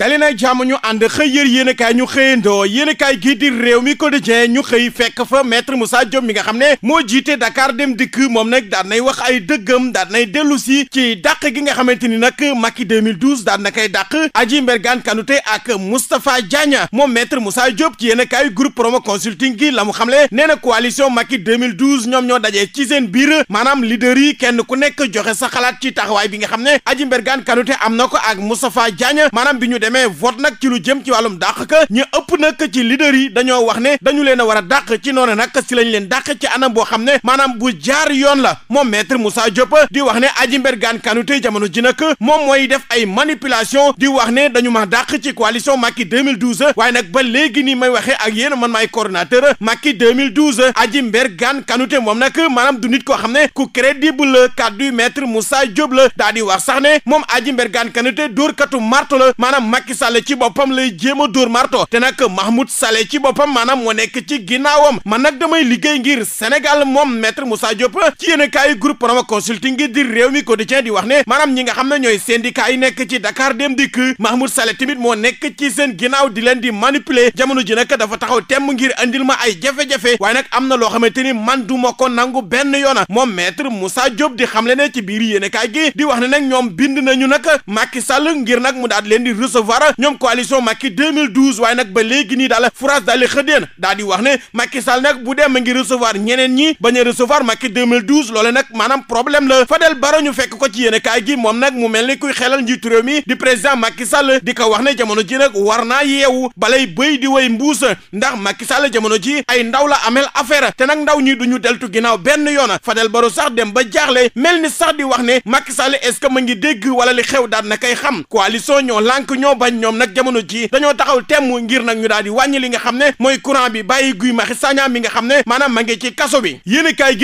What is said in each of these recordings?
dali na jàmm ñu ànd xëy yër yéen ñu xëy yéen a kaay gii di réew mi quotidien ñu xëy fekk fa maître Moussa Diop mi nga xam ne moo jiite dakaar dem dikk moom nag daan nay wax ay dëggam daan nay dellu si ci dàq gi nga xamante ni nag Macky 2012 daan na koy dàq Aji Mbergane Kanouté ak Moustapha Diagne moom maître Moussa Diop ci yéen a kaay groupe promo consulting gi la mu xamle nee na coalition Macky 2012 ñoom ñoo dajee ci seen biir maanaam leader yi kenn ku nekk joxe sa xalaat ci taxawaay bi nga xam ne Aji Mbergane Kanouté am na ko ak Moustapha Diagne maanaam bi ñu demee vote nag ci lu jëm ci wàllum dàq ka ñu ëpp nag ci leader yi dañoo wax ne dañu leen a war a dàq ci noonu nag si lañ leen dàq ci anam boo xam ne maanaam bu jaar yoon la moom maître Moussa Diop di wax ne Adji Mbergane Kanouté jamono ji nag moom mooy def ay manipulation di wax ne dañu ma dàq ci coalition Macky 2012 waaye nag ba léegi nii may waxee ak yéen man maay coordonnateur Macky 2012 Adji Mbergane Kanouté moom nag maanaam du nit koo xam ne ku crédible la kàddu maître Moussa Diop la daa di wax sax ne moom Adji Mbergane Kanouté dóorkatu marto la Macky Sall ci boppam lay jéem a dóor marto te nag Mahmoud Saleh ci boppam maanaam moo nekk ci ginnaawam man nag damay liggéey ngir Sénégal moom maître Moussa Diop ci yéen a kaay groupe Promo Consulting gi di réew mi quotidien di wax ne maanaam ñi nga xam na ñooy syndicat yi nekk ci Dakar Dem Dikk Mahmoud Saleh tamit moo nekk ci seen ginnaaw di leen di manipuler jamono ji nag dafa taxaw temm ngir andil ma ay jafe-jafe waaye nag am na loo xamante ni man du ma nangu benn yoona moom maître Moussa Diop di xamle ne ci biir yéen a kaay gi di wax ne nag ñoom bind nañu nag Macky Sall ngir nag mu daal recevoir ñoom coalition Macky 2012 waaye nag ba léegi nii daal France daal di xëddeen daal wax ne Macky Sall nag bu dem ngi recevoir ñeneen ñi bañ a recevoir Macky 2012 loole nag maanaam problème la Fadel Barro ñu fekk ko ci yéen kaay gi moom nag mu mel ni kuy xelal njiitu réew mi di président Macky Sall di ko wax ne jamono ji nag war naa yeewu balay bëy di way mbuus ndax Macky Sall jamono ji ay ndaw la amel affaire te nag ndaw ñi du ñu deltu ginnaaw benn yoon Fadel Barro sax dem ba jaaxle mel ni sax di wax ne Macky Sall est-ce que ma ngi dégg wala xew daal na kay xam coalition ñoo lànk ñoo dañoo bañ ñoom nag jamono ji dañoo taxaw temm ngir nag ñu li nga xam ne mooy courant bi bàyyi Guy xam ne ma ngi ci kaso bi yéenekaay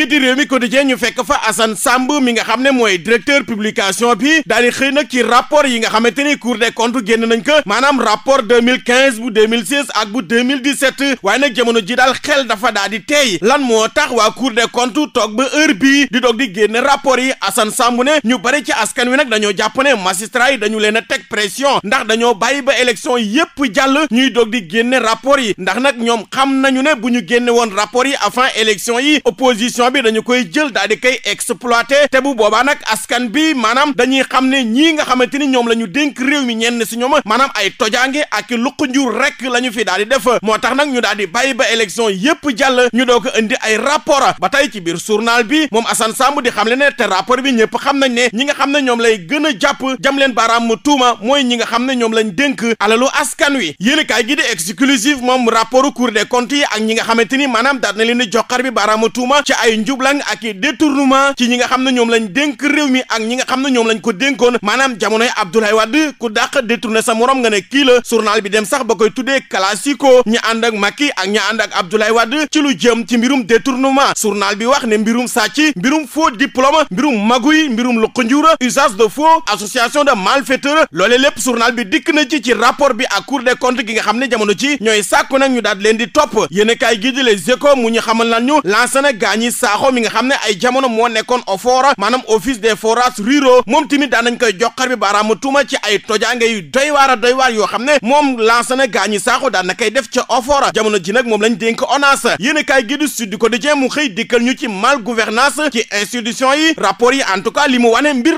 mooy directeur publication bi daal di xëy nag ci rapport yi nga xamante ni Cour des comptes génn nañ ko maanaam rapport 2015 bu 2016 ak bu 2017 waaye nag jamono ji daal xel dafa daal di teey lan moo tax waa Cour des comptes toog ba heure bii di doog di génn rapport yi Assane Samb ne ñu bari ci askan wi nag dañoo jàpp ne magistrat yi dañu leen a teg pression ndax dañoo bàyyi ba élection yépp jàll ñuy dog di génne rapport yi ndax nag ñoom xam nañu ne bu ñu génne woon rapport yi avant élection yi opposition bi dañu koy jël daal di koy exploité te bu boobaa nag askan bi maanaam dañuy xam ne ñii nga xamante ni ñoom la ñu dénk réew mi ñenn si ñoom maanaam ay tojaange ak luq njur rek la fi daal di moo tax nag ñu daal di bàyyi ba élection yépp jàll ñu doo ko indi ay rapport ba tey ci biir journal bi moom Assane Samb di xam le ne te rapport bi xam ne ñi nga ñoom lañ dénk alalu askan wi yéen kaay gi di exclusive moom rapport cour des comptes yi ak ñi nga xamante ni maanaam daat na leen di joxar bi baaraama tuuma ci ay njublang ak détournement ci ñi nga xam ne ñoom lañ dénk réew mi ak ñi nga xam ne ñoom lañ ko dénkoon maanaam jamonoy Abdoulaye Wade ku dàq détourné sa morom nga ne kii la journal bi dem sax ba koy tudee classico ñi ànd ak Macky ak ñi ànd ak Abdoulaye Wade ci lu jëm ci mbirum détournement journal bi wax ne mbirum sàcc mbirum faux diplôme mbirum maguy mbirum luqunjuura usage de faux association de malfaiteurs loolee lépp journal bi dikk na ci ci rapport bi ak cour des comptes gi nga xam ne jamono ci ñooy sàkku nag ñu daat leen di topp yéen kaay gii di Les Échos mu ñu xamal lan ñu gaañi saaxo mi nga xam ne ay jamono moo nekkoon OFOR maanaam office des forages ruraux moom tamit daan nañ koy joxar bi baaraamu tuuma ci ay tojaange yu doy waar a doy waar yoo xam ne moom lancé na gaañi saaxo daan na def ca OFOR jamono ji nag moom lañ dénk ONAS yéen kaay gii di Sud Quotidien mu xëy yi rapport yi en tout cas li mu wane mbir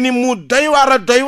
ni mu doy a doy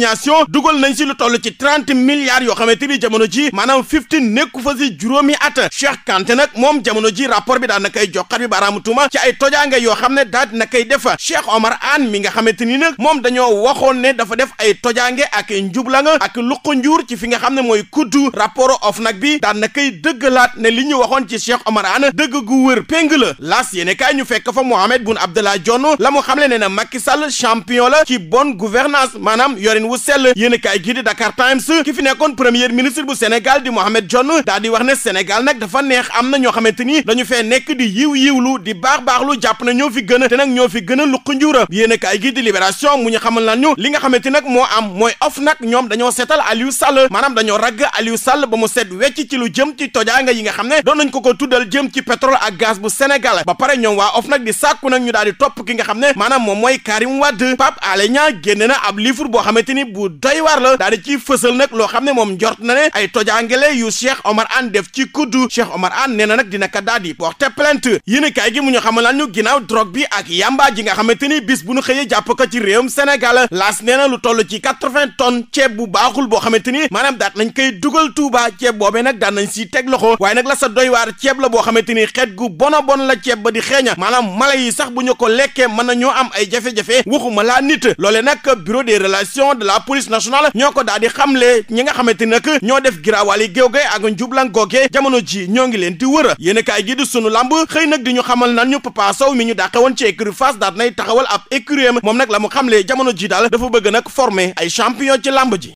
consignation dugal nañ si lu toll ci trente milliards yoo xamante ni jamono ji maanaam fifteen nekku fa si juróomi at Cheikh Kanté nag moom jamono ji rapport bi daal na koy joxat bi baaraamu tuuma ci ay tojaange yoo xam ne daal na koy def Cheikh Omar Anne mi nga xamante ni nag moom dañoo waxoon ne dafa def ay tojaange ak njubla nga ak luqu njuur ci fi nga xam ne mooy kuddu rapport OFNAC bi daal na koy dëggalaat ne li ñu waxoon ci Cheikh Omar Anne dëgg gu wër péng la laas yéene ñu fekk fa Mohamed Boun Abdallah Dionne la mu xamle ne na Macky Sall champion la ci bonne gouvernance maanaam yore doxalin wu sell yéen a kaay gii di Dakar Times ki fi nekkoon premier ministre bu Sénégal di Mohamed Dionne daal di wax ne Sénégal nag dafa neex am na ñoo xamante ni dañu fee nekk di yiw yiwlu di baax baaxlu jàpp na ñoo fi gën a te nag ñoo fi gën a luq njuura yéen a kaay gii di Libération mu ñu xamal lan ñu li nga xamante nag moo am mooy of nag ñoom dañoo seetal Aliou Sall maanaam dañoo ragg Aliou Sall ba mu seet wecc ci lu jëm ci tojaanga yi nga xam ne doon nañ ko ko tuddal jëm ci pétrole ba pare ñoom waa of ki nga xam ne maanaam moom mooy Karim Wade Pape Alé xamante ni bu doy war la daal di ciy fësal nag loo xam ne moom njort na ne ay tojaangale yu Cheikh Omar Anne def ci kuddu Cheikh Omar Anne nee na nag dina ko daal di porter plainte yéen kaay gi mu ñu xamal ñu ginnaaw drogue bi ak yamba ji nga xamante ni bis bu ñu xëyee jàpp ko ci réewum Sénégal laas nee na lu toll ci quatre-vingts ceeb bu baaxul boo xamante ni maanaam daat nañ koy dugal Touba ceeb boobee nag daan nañ siy teg loxo waaye nag la sa doy waar ceeb la boo xamante ni xeet gu bon a bon la ceeb ba di xeeña maanaam mala yi sax bu ñu ko lekkee na ñoo am ay jafe-jafe waxuma de la police nationale ñoo ko daal di xamle ñi nga xamante nag ñoo def giraawaali géew ge ak njublan googe jamono ji ñoo ngi leen di wër yéen kaay gi di sunu lamb xëy nag di ñu xamal nan ñu Papa Sow mi ñu dàqe woon ci écurie Fass daal nay taxawal ab écurie moom nag la mu xamle jamono ji daal dafa bëgg nag former ay champion ci làmb ji